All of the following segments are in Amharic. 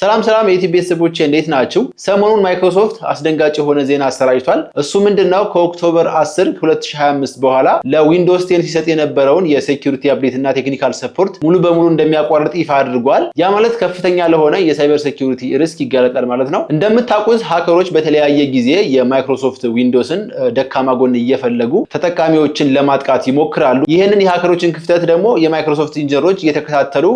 ሰላም ሰላም የዩቲዩብ ቤተሰቦች እንዴት ናችሁ? ሰሞኑን ማይክሮሶፍት አስደንጋጭ የሆነ ዜና አሰራጭቷል። እሱ ምንድነው? ከኦክቶበር 10 2025 በኋላ ለዊንዶውስ 10 ሲሰጥ የነበረውን የሴኪሪቲ አፕዴት እና ቴክኒካል ሰፖርት ሙሉ በሙሉ እንደሚያቋርጥ ይፋ አድርጓል። ያ ማለት ከፍተኛ ለሆነ የሳይበር ሴኪሪቲ ሪስክ ይጋለጣል ማለት ነው። እንደምታውቁት ሃከሮች በተለያየ ጊዜ የማይክሮሶፍት ዊንዶውስን ደካማ ጎን እየፈለጉ ተጠቃሚዎችን ለማጥቃት ይሞክራሉ። ይህንን የሃከሮችን ክፍተት ደግሞ የማይክሮሶፍት ኢንጂነሮች እየተከታተሉ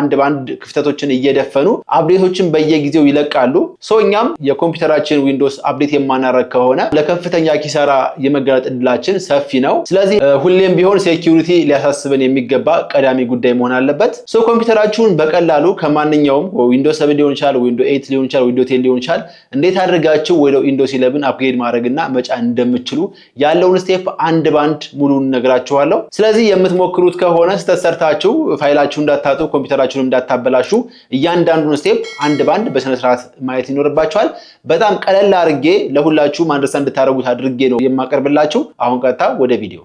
አንድ በአንድ ክፍተቶችን እየደፈኑ አፕዴቶ ሌሎችም በየጊዜው ይለቃሉ። ሶ እኛም የኮምፒውተራችን ዊንዶውስ አፕዴት የማናረግ ከሆነ ለከፍተኛ ኪሳራ የመጋለጥ እድላችን ሰፊ ነው። ስለዚህ ሁሌም ቢሆን ሴኪሪቲ ሊያሳስበን የሚገባ ቀዳሚ ጉዳይ መሆን አለበት። ሶ ኮምፒውተራችሁን በቀላሉ ከማንኛውም ዊንዶስ ሰብን ሊሆን ይችላል፣ ዊንዶውስ ሊሆን ይችላል፣ ዊንዶውስ ቴን ሊሆን ይችላል እንዴት አድርጋችሁ ወደ ዊንዶስ ኢለብን አፕግሬድ ማድረግና መጫን እንደምችሉ ያለውን ስቴፕ አንድ ባንድ ሙሉን ነግራችኋለሁ። ስለዚህ የምትሞክሩት ከሆነ ስተሰርታችሁ ፋይላችሁ እንዳታጡ ኮምፒውተራችሁን እንዳታበላሹ እያንዳንዱን ስቴፕ አንድ በአንድ በስነስርዓት ማየት ይኖርባቸዋል። በጣም ቀለል አድርጌ ለሁላችሁም አንደርስታንድ እንድታደርጉት አድርጌ ነው የማቀርብላችሁ። አሁን ቀጥታ ወደ ቪዲዮ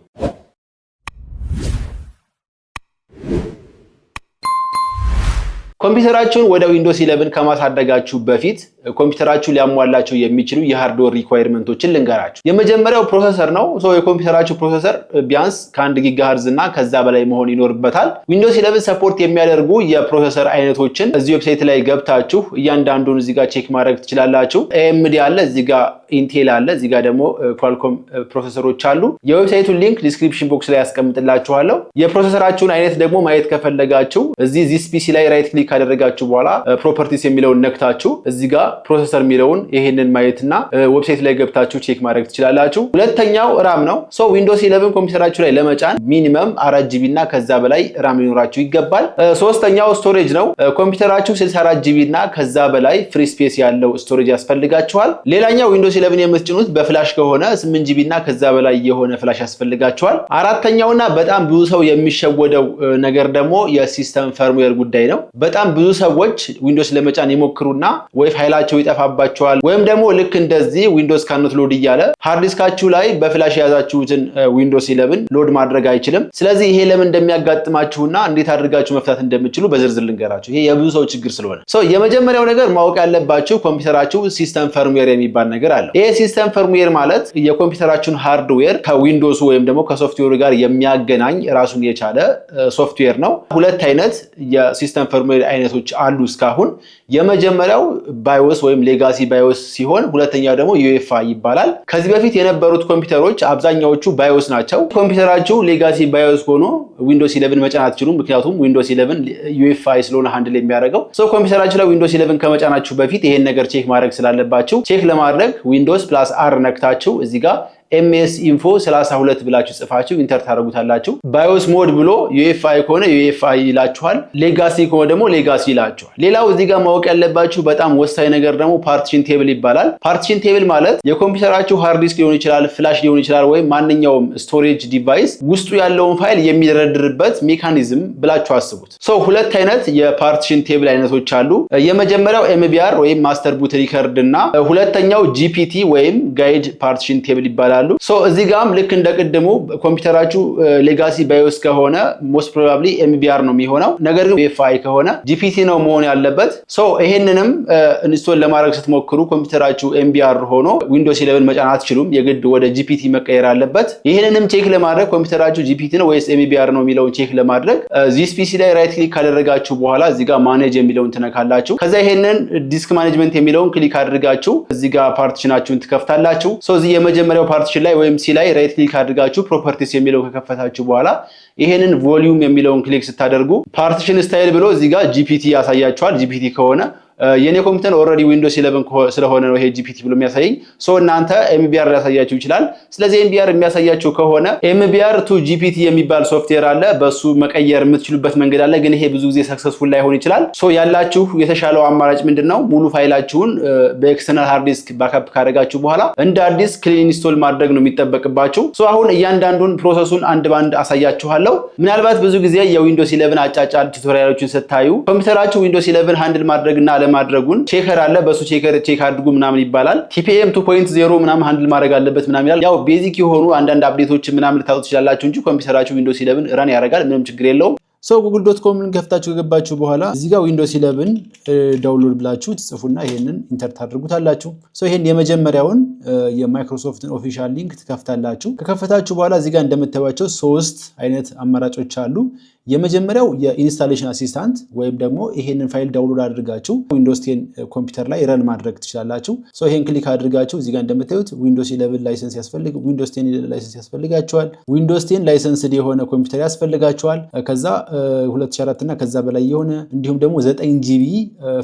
ኮምፒውተራችሁን ወደ ዊንዶስ ኢለቭን ከማሳደጋችሁ በፊት ኮምፒውተራችሁ ሊያሟላቸው የሚችሉ የሃርድዌር ሪኳየርመንቶችን ልንገራችሁ። የመጀመሪያው ፕሮሰሰር ነው። የኮምፒውተራችሁ ፕሮሰሰር ቢያንስ ከአንድ ጊጋሃርዝ እና ከዛ በላይ መሆን ይኖርበታል። ዊንዶውስ ኢለቭን ሰፖርት የሚያደርጉ የፕሮሰሰር አይነቶችን እዚህ ዌብሳይት ላይ ገብታችሁ እያንዳንዱን እዚህ ጋር ቼክ ማድረግ ትችላላችሁ። ኤኤምዲ አለ፣ እዚህ ጋር ኢንቴል አለ፣ እዚህ ጋር ደግሞ ኳልኮም ፕሮሰሰሮች አሉ። የዌብሳይቱን ሊንክ ዲስክሪፕሽን ቦክስ ላይ ያስቀምጥላችኋለሁ። የፕሮሰሰራችሁን አይነት ደግሞ ማየት ከፈለጋችሁ እዚህ ዚስ ፒሲ ላይ ራይት ክሊክ ካደረጋችሁ በኋላ ፕሮፐርቲስ የሚለውን ነክታችሁ እዚህ ጋር ፕሮሰሰር የሚለውን ይሄንን ማየትና ዌብሳይት ላይ ገብታችሁ ቼክ ማድረግ ትችላላችሁ። ሁለተኛው ራም ነው። ሶ ዊንዶስ ኢለቨን ኮምፒውተራችሁ ላይ ለመጫን ሚኒመም አራት ጂቢ እና ከዛ በላይ ራም ሊኖራችሁ ይገባል። ሶስተኛው ስቶሬጅ ነው። ኮምፒውተራችሁ 64 ጂቢ እና ከዛ በላይ ፍሪ ስፔስ ያለው ስቶሬጅ ያስፈልጋችኋል። ሌላኛው ዊንዶስ ኢለቨን የምትጭኑት በፍላሽ ከሆነ 8 ጂቢ እና ከዛ በላይ የሆነ ፍላሽ ያስፈልጋችኋል። አራተኛውና በጣም ብዙ ሰው የሚሸወደው ነገር ደግሞ የሲስተም ፈርምዌር ጉዳይ ነው። በጣም ብዙ ሰዎች ዊንዶስ ለመጫን ይሞክሩና ወይ ፋይላ ዲስካቸው ይጠፋባቸዋል። ወይም ደግሞ ልክ እንደዚህ ዊንዶስ ካኖት ሎድ እያለ ሃርድ ላይ በፍላሽ የያዛችሁትን ዊንዶስ ኢለብን ሎድ ማድረግ አይችልም። ስለዚህ ይሄ ለምን እንደሚያጋጥማችሁና እንዴት አድርጋችሁ መፍታት እንደምችሉ በዝርዝር ልንገራችሁ። ይሄ የብዙ ሰው ችግር ስለሆነ የመጀመሪያው ነገር ማወቅ ያለባችሁ ኮምፒውተራችሁ ሲስተም ፈርምዌር የሚባል ነገር አለው። ይሄ ሲስተም ፈርምዌር ማለት የኮምፒውተራችሁን ሃርድዌር ከዊንዶሱ ወይም ደግሞ ከሶፍትዌሩ ጋር የሚያገናኝ ራሱን የቻለ ሶፍትዌር ነው። ሁለት አይነት የሲስተም ፈርምዌር አይነቶች አሉ እስካሁን የመጀመሪያው ባዮስ ባዮስ ወይም ሌጋሲ ባዮስ ሲሆን ሁለተኛው ደግሞ ዩኤፋ ይባላል። ከዚህ በፊት የነበሩት ኮምፒውተሮች አብዛኛዎቹ ባዮስ ናቸው። ኮምፒውተራችሁ ሌጋሲ ባዮስ ሆኖ ዊንዶስ ኢለቭን መጫን አትችሉም። ምክንያቱም ዊንዶስ ኢለቭን ዩኤፋ ስለሆነ ሃንድል የሚያደርገው ሰው ኮምፒውተራችሁ ላይ ዊንዶስ ኢለቭን ከመጫናችሁ በፊት ይሄን ነገር ቼክ ማድረግ ስላለባችሁ ቼክ ለማድረግ ዊንዶስ ፕላስ አር ነክታችሁ እዚህ ጋር ኤምኤስ ኢንፎ 32 ብላችሁ ጽፋችሁ ኢንተር ታደረጉታላችሁ። ባዮስ ሞድ ብሎ ዩኤፍአይ ከሆነ ዩኤፍአይ ይላችኋል። ሌጋሲ ከሆነ ደግሞ ሌጋሲ ይላችኋል። ሌላው እዚህ ጋር ማወቅ ያለባችሁ በጣም ወሳኝ ነገር ደግሞ ፓርቲሽን ቴብል ይባላል። ፓርቲሽን ቴብል ማለት የኮምፒውተራችሁ ሃርድ ዲስክ ሊሆን ይችላል፣ ፍላሽ ሊሆን ይችላል፣ ወይም ማንኛውም ስቶሬጅ ዲቫይስ ውስጡ ያለውን ፋይል የሚደረድርበት ሜካኒዝም ብላችሁ አስቡት። ሰው ሁለት አይነት የፓርቲሽን ቴብል አይነቶች አሉ። የመጀመሪያው ኤምቢአር ወይም ማስተር ቡት ሪከርድ እና ሁለተኛው ጂፒቲ ወይም ጋይድ ፓርቲሽን ቴብል ይባላል። ይችላሉ። እዚህ ጋም ልክ እንደ ቅድሙ ኮምፒውተራችሁ ሌጋሲ ባዮስ ከሆነ ሞስት ፕሮባብሊ ኤምቢአር ነው የሚሆነው። ነገር ግን ዩኤፍአይ ከሆነ ጂፒቲ ነው መሆን ያለበት። ሶ ይህንንም ኢንስቶል ለማድረግ ስትሞክሩ ኮምፒውተራችሁ ኤምቢአር ሆኖ ዊንዶስ ኢለቨን መጫን አትችሉም። የግድ ወደ ጂፒቲ መቀየር አለበት። ይህንንም ቼክ ለማድረግ ኮምፒውተራችሁ ጂፒቲ ነው ወይስ ኤምቢአር ነው የሚለውን ቼክ ለማድረግ ዚስ ፒሲ ላይ ራይት ክሊክ ካደረጋችሁ በኋላ እዚህ ጋር ማኔጅ የሚለውን ትነካላችሁ። ከዛ ይሄንን ዲስክ ማኔጅመንት የሚለውን ክሊክ አድርጋችሁ እዚህ ጋር ፓርቲሽናችሁን ትከፍታላችሁ። እዚህ የመጀመሪያው ፓርቲ ፓርቲሽን ላይ ወይም ሲ ላይ ራይት ክሊክ አድርጋችሁ ፕሮፐርቲስ የሚለው ከከፈታችሁ በኋላ ይሄንን ቮሊዩም የሚለውን ክሊክ ስታደርጉ ፓርቲሽን ስታይል ብሎ እዚህ ጋር ጂፒቲ ያሳያችኋል። ጂፒቲ ከሆነ የኔ ኮምፒውተር ኦልሬዲ ዊንዶስ ኢለቨን ስለሆነ ነው ይሄ ጂፒቲ ብሎ የሚያሳየኝ። ሶ እናንተ ኤምቢአር ሊያሳያችሁ ይችላል። ስለዚህ ኤምቢአር የሚያሳያችሁ ከሆነ ኤምቢአር ቱ ጂፒቲ የሚባል ሶፍትዌር አለ። በሱ መቀየር የምትችሉበት መንገድ አለ፣ ግን ይሄ ብዙ ጊዜ ሰክሰስፉል ላይሆን ይችላል። ሶ ያላችሁ የተሻለው አማራጭ ምንድን ነው? ሙሉ ፋይላችሁን በኤክስተርናል ሃርድ ዲስክ ባካፕ ካደረጋችሁ በኋላ እንደ አዲስ ክሊን ኢንስቶል ማድረግ ነው የሚጠበቅባችሁ። ሶ አሁን እያንዳንዱን ፕሮሰሱን አንድ ባንድ አሳያችኋለሁ። ምናልባት ብዙ ጊዜ የዊንዶስ ኢለቨን አጫጫ ቱቶሪያሎችን ስታዩ ኮምፒውተራችሁ ዊንዶስ ኢለቨን ሃንድል ማድረግና አለማድረጉን ቼከር አለ። በሱ ቼከር ቼክ አድርጉ ምናምን ይባላል። ቲፒኤም ቱ ፖይንት ዜሮ ምናምን ሃንድል ማድረግ አለበት ምናምን ይላል። ያው ቤዚክ የሆኑ አንዳንድ አፕዴቶች ምናምን ልታወጡ ትችላላችሁ እንጂ ኮምፒውተራችሁ ዊንዶስ ኢለብን ረን ያደርጋል። ምንም ችግር የለውም። ሰው ጉግል ዶት ኮምን ከፍታችሁ ከገባችሁ በኋላ እዚህ ጋር ዊንዶስ ኢለብን ዳውንሎድ ብላችሁ ትጽፉና ይሄንን ኢንተር ታደርጉታላችሁ። ሰው ይሄን የመጀመሪያውን የማይክሮሶፍትን ኦፊሻል ሊንክ ትከፍታላችሁ። ከከፈታችሁ በኋላ እዚህ ጋር እንደምታዩቸው ሶስት አይነት አማራጮች አሉ። የመጀመሪያው የኢንስታሌሽን አሲስታንት ወይም ደግሞ ይሄንን ፋይል ዳውንሎድ አድርጋችሁ ዊንዶስ ቴን ኮምፒውተር ላይ ረን ማድረግ ትችላላችሁ። ሰው ይሄን ክሊክ አድርጋችሁ እዚጋ እንደምታዩት ዊንዶስ ኢለቭን ላይሰንስ ያስፈልግ ዊንዶስ ቴን ላይሰንስ ያስፈልጋችኋል። ዊንዶስ ቴን ላይሰንስድ የሆነ ኮምፒውተር ያስፈልጋችኋል። ከዛ 204 እና ከዛ በላይ የሆነ እንዲሁም ደግሞ 9 ጂቢ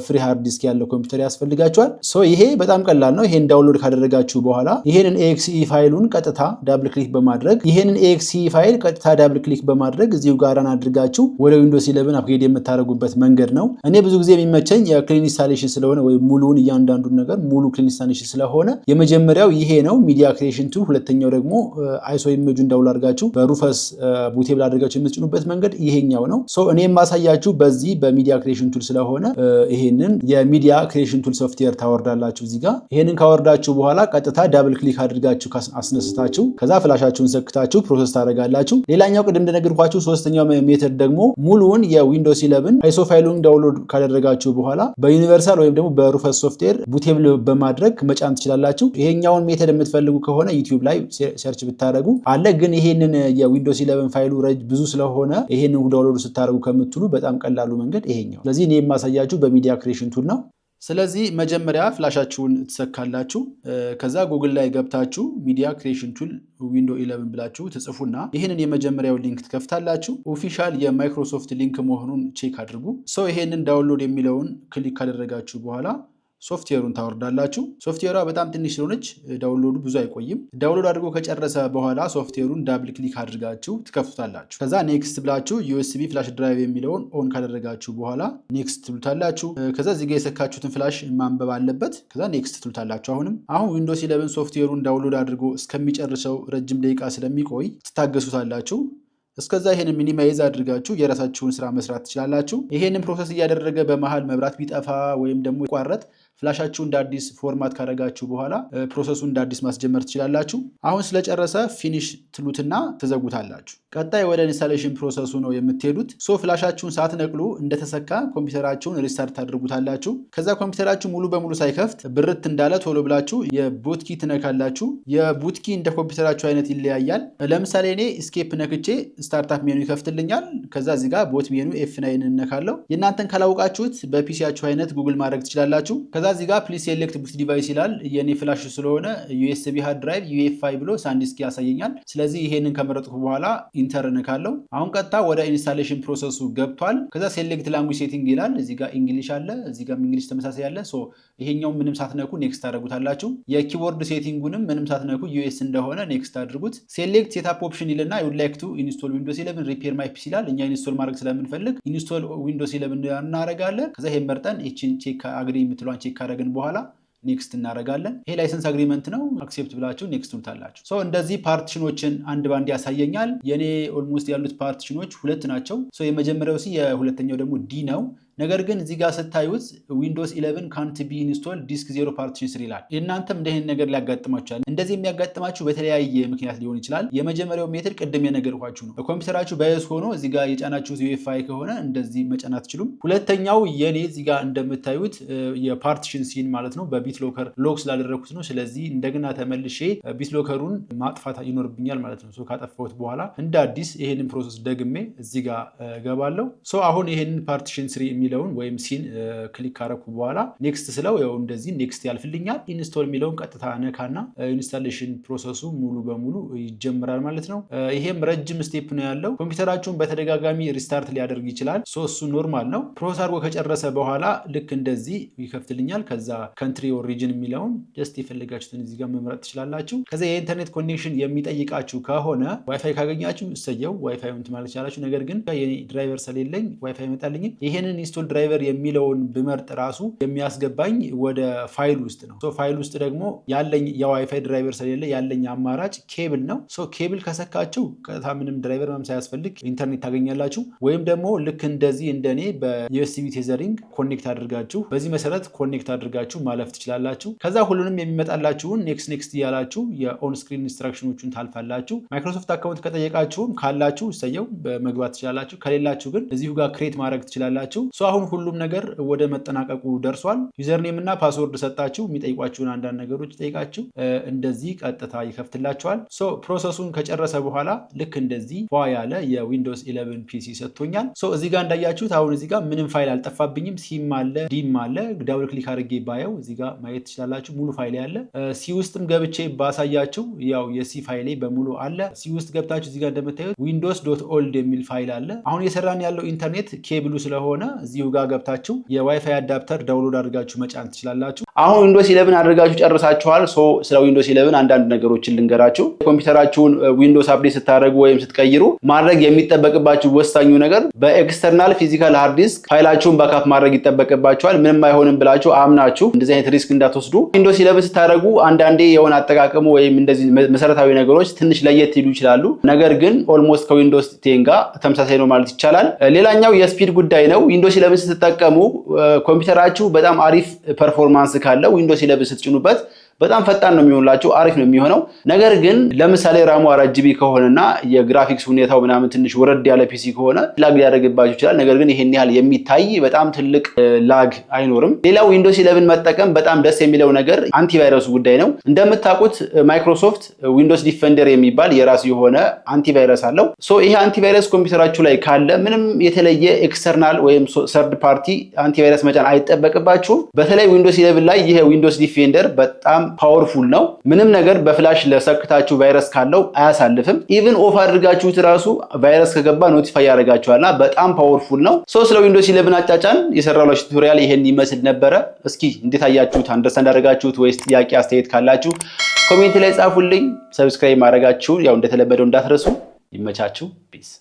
ፍሪ ሃርድ ዲስክ ያለው ኮምፒውተር ያስፈልጋችኋል። ሶ ይሄ በጣም ቀላል ነው። ይሄን ዳውንሎድ ካደረጋችሁ በኋላ ይሄንን ኤክስኢ ፋይሉን ቀጥታ ዳብል ክሊክ በማድረግ ይሄንን ኤክስኢ ፋይል ቀጥታ ዳብል ክሊክ በማድረግ እዚሁ ጋራን አድርግ አድርጋችሁ ወደ ዊንዶስ 11 አፕግሬድ የምታደርጉበት መንገድ ነው። እኔ ብዙ ጊዜ የሚመቸኝ የክሊን ኢንስታሌሽን ስለሆነ ወይም ሙሉውን እያንዳንዱን ነገር ሙሉ ክሊን ኢንስታሌሽን ስለሆነ የመጀመሪያው ይሄ ነው ሚዲያ ክሬሽን ቱ፣ ሁለተኛው ደግሞ አይሶ ኢሜጁ እንዳውል አድርጋችሁ በሩፈስ ቡቴብል uh, አድርጋችሁ የምትጭኑበት መንገድ ይሄኛው ነው። ሶ እኔ የማሳያችሁ በዚህ በሚዲያ ክሬሽን ቱል ስለሆነ uh, ይሄንን የሚዲያ ክሬሽን ቱል ሶፍትዌር ታወርዳላችሁ። እዚህ ጋር ይሄንን ካወርዳችሁ በኋላ ቀጥታ ዳብል ክሊክ አድርጋችሁ አስነስታችሁ ከዛ ፍላሻችሁን ሰክታችሁ ፕሮሰስ ታደርጋላችሁ። ሌላኛው ቅድም እንደነገርኳችሁ ሶስተኛው ኦፕሬተር ደግሞ ሙሉውን የዊንዶስ 11 አይሶ ፋይሉን ዳውንሎድ ካደረጋችሁ በኋላ በዩኒቨርሳል ወይም ደግሞ በሩፈስ ሶፍትዌር ቡቴብል በማድረግ መጫን ትችላላችሁ። ይሄኛውን ሜተድ የምትፈልጉ ከሆነ ዩቲዩብ ላይ ሰርች ብታደረጉ አለ። ግን ይሄንን የዊንዶስ 11 ፋይሉ ረጅ ብዙ ስለሆነ ይሄንን ዳውንሎድ ስታደረጉ ከምትሉ በጣም ቀላሉ መንገድ ይሄኛው። ስለዚህ እኔ የማሳያችሁ በሚዲያ ክሬሽን ቱል ነው። ስለዚህ መጀመሪያ ፍላሻችሁን ትሰካላችሁ። ከዛ ጉግል ላይ ገብታችሁ ሚዲያ ክሬሽን ቱል ዊንዶ ኢለቨን ብላችሁ ትጽፉና ይህንን የመጀመሪያው ሊንክ ትከፍታላችሁ። ኦፊሻል የማይክሮሶፍት ሊንክ መሆኑን ቼክ አድርጉ። ሰው ይሄንን ዳውንሎድ የሚለውን ክሊክ ካደረጋችሁ በኋላ ሶፍትዌሩን ታወርዳላችሁ። ሶፍትዌሯ በጣም ትንሽ ስለሆነች ዳውንሎዱ ብዙ አይቆይም። ዳውንሎድ አድርጎ ከጨረሰ በኋላ ሶፍትዌሩን ዳብል ክሊክ አድርጋችሁ ትከፍቱታላችሁ። ከዛ ኔክስት ብላችሁ ዩኤስቢ ፍላሽ ድራይቭ የሚለውን ኦን ካደረጋችሁ በኋላ ኔክስት ትሉታላችሁ። ከዛ እዚጋ የሰካችሁትን ፍላሽ ማንበብ አለበት። ከዛ ኔክስት ትሉታላችሁ። አሁንም አሁን ዊንዶስ ኢለቨን ሶፍትዌሩን ዳውንሎድ አድርጎ እስከሚጨርሰው ረጅም ደቂቃ ስለሚቆይ ትታገሱታላችሁ። እስከዛ ይሄን ሚኒማይዝ አድርጋችሁ የራሳችሁን ስራ መስራት ትችላላችሁ። ይሄንን ፕሮሰስ እያደረገ በመሀል መብራት ቢጠፋ ወይም ደግሞ ይቋረጥ ፍላሻችሁ እንደ አዲስ ፎርማት ካደረጋችሁ በኋላ ፕሮሰሱን እንደ አዲስ ማስጀመር ትችላላችሁ። አሁን ስለጨረሰ ፊኒሽ ትሉትና ትዘጉታላችሁ። ቀጣይ ወደ ኢንስታሌሽን ፕሮሰሱ ነው የምትሄዱት። ሶ ፍላሻችሁን ሳትነቅሉ እንደተሰካ ኮምፒውተራችሁን ሪስታርት ታደርጉታላችሁ። ከዛ ኮምፒውተራችሁ ሙሉ በሙሉ ሳይከፍት ብርት እንዳለ ቶሎ ብላችሁ የቡትኪ ትነካላችሁ። የቡትኪ እንደ ኮምፒውተራችሁ አይነት ይለያያል። ለምሳሌ እኔ ስኬፕ ነክቼ ስታርታፕ ሜኑ ይከፍትልኛል። ከዛ እዚህ ጋር ቦት ሜኑ ኤፍ ናይን እነካለው። የእናንተን ካላወቃችሁት በፒሲያችሁ አይነት ጉግል ማድረግ ትችላላችሁ። ከዛ እዚህ ጋር ፕሊስ ሴሌክት ቡት ዲቫይስ ይላል። የእኔ ፍላሽ ስለሆነ ዩኤስቢ ሃርድ ድራይቭ ዩኤፋይ ብሎ ሳንዲስክ ያሳየኛል። ስለዚህ ይሄንን ከመረጥኩ በኋላ ኢንተር እነካለው። አሁን ቀጥታ ወደ ኢንስታሌሽን ፕሮሰሱ ገብቷል። ከዛ ሴሌክት ላንጉጅ ሴቲንግ ይላል። እዚህ ጋር እንግሊሽ አለ፣ እዚህ ጋር እንግሊሽ ተመሳሳይ አለ። ሶ ይሄኛው ምንም ሳትነኩ ኔክስት አድርጉታላችሁ። የኪቦርድ ሴቲንጉንም ምንም ሳትነኩ ዩኤስ እንደሆነ ኔክስት አድርጉት። ሴሌክት ሴታፕ ኦፕሽን ይልና ዩድ ላይክ ቱ ኢንስቶል ዊንዶስ ኢለብን ሪፔር ማይ ፒሲ ይላል። እኛ ኢንስቶል ማድረግ ስለምንፈልግ ኢንስቶል ዊንዶስ ኢለብን እናደርጋለን። ከዛ ይሄን መርጠን ይችን ቼክ አግሪ የምትለዋን ቼክ ካደረግን በኋላ ኔክስት እናደርጋለን። ይሄ ላይሰንስ አግሪመንት ነው፣ አክሴፕት ብላችሁ ኔክስት ትሉታላችሁ። ሶ እንደዚህ ፓርቲሽኖችን አንድ ባንድ ያሳየኛል። የኔ ኦልሞስት ያሉት ፓርቲሽኖች ሁለት ናቸው። ሶ የመጀመሪያው ሲ፣ የሁለተኛው ደግሞ ዲ ነው። ነገር ግን እዚህ ጋር ስታዩት ዊንዶውስ 11 ካንት ቢ ኢንስቶል ዲስክ ዜሮ ፓርቲሽን ስር ይላል። እናንተም እንደህን ነገር ሊያጋጥማችኋል። እንደዚህ የሚያጋጥማችሁ በተለያየ ምክንያት ሊሆን ይችላል። የመጀመሪያው ሜትር ቅድም የነገርኳችሁ ነው። በኮምፒውተራችሁ በየስ ሆኖ እዚህ ጋር የጫናችሁት ዩኤፋይ ከሆነ እንደዚህ መጫን አትችሉም። ሁለተኛው የኔ እዚህ ጋር እንደምታዩት የፓርቲሽን ሲን ማለት ነው በቢት ሎከር ሎክ ስላደረግኩት ነው። ስለዚህ እንደገና ተመልሼ ቢት ሎከሩን ማጥፋት ይኖርብኛል ማለት ነው። ካጠፋሁት በኋላ እንደ አዲስ ይሄንን ፕሮሰስ ደግሜ እዚህ ጋር ገባለሁ። አሁን ይሄንን ፓርቲሽን ስሪ የሚል የሚለውን ወይም ሲን ክሊክ ካረኩ በኋላ ኔክስት ስለው ያው እንደዚህ ኔክስት ያልፍልኛል። ኢንስቶል የሚለውን ቀጥታ ነካና ኢንስታሌሽን ፕሮሰሱ ሙሉ በሙሉ ይጀምራል ማለት ነው። ይሄም ረጅም ስቴፕ ነው ያለው። ኮምፒውተራችሁን በተደጋጋሚ ሪስታርት ሊያደርግ ይችላል። ሶ እሱ ኖርማል ነው። ፕሮሰስ አድርጎ ከጨረሰ በኋላ ልክ እንደዚህ ይከፍትልኛል። ከዛ ከንትሪ ኦር ሪጅን የሚለውን ደስት የፈለጋችሁትን እዚህ ጋር መምረጥ ትችላላችሁ። ከዚ የኢንተርኔት ኮኔክሽን የሚጠይቃችሁ ከሆነ ዋይፋይ ካገኛችሁ እሰየው ዋይፋይ ትማለት ትችላላችሁ። ነገር ግን የኔ ድራይቨር ስለሌለኝ ዋይፋይ አይመጣልኝም። ይሄንን ኢንስቶል ድራይቨር የሚለውን ብመርጥ ራሱ የሚያስገባኝ ወደ ፋይል ውስጥ ነው። ፋይል ውስጥ ደግሞ ያለኝ የዋይፋይ ድራይቨር ስለሌለ ያለኝ አማራጭ ኬብል ነው። ኬብል ከሰካችሁ ቀጥታ ምንም ድራይቨር ምናምን ሳያስፈልግ ኢንተርኔት ታገኛላችሁ። ወይም ደግሞ ልክ እንደዚህ እንደኔ በዩኤስቢ ቴዘሪንግ ኮኔክት አድርጋችሁ በዚህ መሰረት ኮኔክት አድርጋችሁ ማለፍ ትችላላችሁ። ከዛ ሁሉንም የሚመጣላችሁን ኔክስት ኔክስት እያላችሁ የኦንስክሪን ስክሪን ኢንስትራክሽኖቹን ታልፋላችሁ። ማይክሮሶፍት አካውንት ከጠየቃችሁም ካላችሁ ሰየው መግባት ትችላላችሁ። ከሌላችሁ ግን እዚሁ ጋር ክሬት ማድረግ ትችላላችሁ። አሁን ሁሉም ነገር ወደ መጠናቀቁ ደርሷል። ዩዘርኔም እና ፓስወርድ ሰጣችሁ የሚጠይቋችሁን አንዳንድ ነገሮች ጠይቃችሁ እንደዚህ ቀጥታ ይከፍትላችኋል። ሶ ፕሮሰሱን ከጨረሰ በኋላ ልክ እንደዚህ ፏ ያለ የዊንዶውስ ኢለቨን ፒሲ ሰጥቶኛል። ሶ እዚህ ጋር እንዳያችሁት አሁን እዚህ ጋር ምንም ፋይል አልጠፋብኝም። ሲም አለ ዲም አለ። ዳብል ክሊክ አድርጌ ባየው እዚህ ጋር ማየት ትችላላችሁ። ሙሉ ፋይሌ ያለ ሲ ውስጥም ገብቼ ባሳያችሁ ያው የሲ ፋይሌ በሙሉ አለ። ሲ ውስጥ ገብታችሁ እዚህ ጋር እንደምታዩት ዊንዶውስ ዶት ኦልድ የሚል ፋይል አለ። አሁን የሰራን ያለው ኢንተርኔት ኬብሉ ስለሆነ እዚሁ ጋር ገብታችሁ የዋይፋይ አዳፕተር ዳውንሎድ አድርጋችሁ መጫን ትችላላችሁ። አሁን ዊንዶስ ኢለብን አድርጋችሁ ጨርሳችኋል። ሶ ስለ ዊንዶስ ኢለብን አንዳንድ ነገሮችን ልንገራችሁ። ኮምፒውተራችሁን ዊንዶስ አፕዴት ስታደርጉ ወይም ስትቀይሩ ማድረግ የሚጠበቅባችሁ ወሳኙ ነገር በኤክስተርናል ፊዚካል ሃርድ ዲስክ ፋይላችሁን ባካፕ ማድረግ ይጠበቅባችኋል። ምንም አይሆንም ብላችሁ አምናችሁ እንደዚህ አይነት ሪስክ እንዳትወስዱ። ዊንዶስ ኢለብን ስታደረጉ አንዳንዴ የሆነ አጠቃቀሙ ወይም እንደዚህ መሰረታዊ ነገሮች ትንሽ ለየት ሊሉ ይችላሉ። ነገር ግን ኦልሞስት ከዊንዶስ ቴን ጋር ተመሳሳይ ነው ማለት ይቻላል። ሌላኛው የስፒድ ጉዳይ ነው። ዊንዶስ ኢለቨን ስትጠቀሙ ኮምፒውተራችሁ በጣም አሪፍ ፐርፎርማንስ ካለው ዊንዶስ ኢለቨን ስትጭኑበት በጣም ፈጣን ነው የሚሆንላችሁ፣ አሪፍ ነው የሚሆነው። ነገር ግን ለምሳሌ ራሙ አራጅቢ ከሆነና የግራፊክስ ሁኔታው ምናምን ትንሽ ወረድ ያለ ፒሲ ከሆነ ላግ ሊያደርግባችሁ ይችላል። ነገር ግን ይሄን ያህል የሚታይ በጣም ትልቅ ላግ አይኖርም። ሌላው ዊንዶስ ኢለቭን መጠቀም በጣም ደስ የሚለው ነገር አንቲቫይረሱ ጉዳይ ነው። እንደምታውቁት ማይክሮሶፍት ዊንዶስ ዲፌንደር የሚባል የራሱ የሆነ አንቲቫይረስ አለው። ሶ ይሄ አንቲቫይረስ ኮምፒውተራችሁ ላይ ካለ ምንም የተለየ ኤክስተርናል ወይም ሰርድ ፓርቲ አንቲቫይረስ መጫን አይጠበቅባችሁም። በተለይ ዊንዶስ ኢለቭን ላይ ይሄ ዊንዶስ ዲፌንደር በጣም በጣም ፓወርፉል ነው። ምንም ነገር በፍላሽ ለሰክታችሁ ቫይረስ ካለው አያሳልፍም። ኢቭን ኦፍ አድርጋችሁት ራሱ ቫይረስ ከገባ ኖቲፋይ ያደርጋችኋልና በጣም ፓወርፉል ነው። ሶ ስለ ዊንዶስ ኢለቭን አጫጫን የሰራላችሁ ቱቶሪያል ይሄን ይመስል ነበረ። እስኪ እንዴት አያችሁት? አንደርስታንድ አደረጋችሁት ወይስ ጥያቄ አስተያየት ካላችሁ ኮሜንት ላይ ጻፉልኝ። ሰብስክራይብ ማድረጋችሁ ያው እንደተለመደው እንዳትረሱ። ይመቻችሁ። ፒስ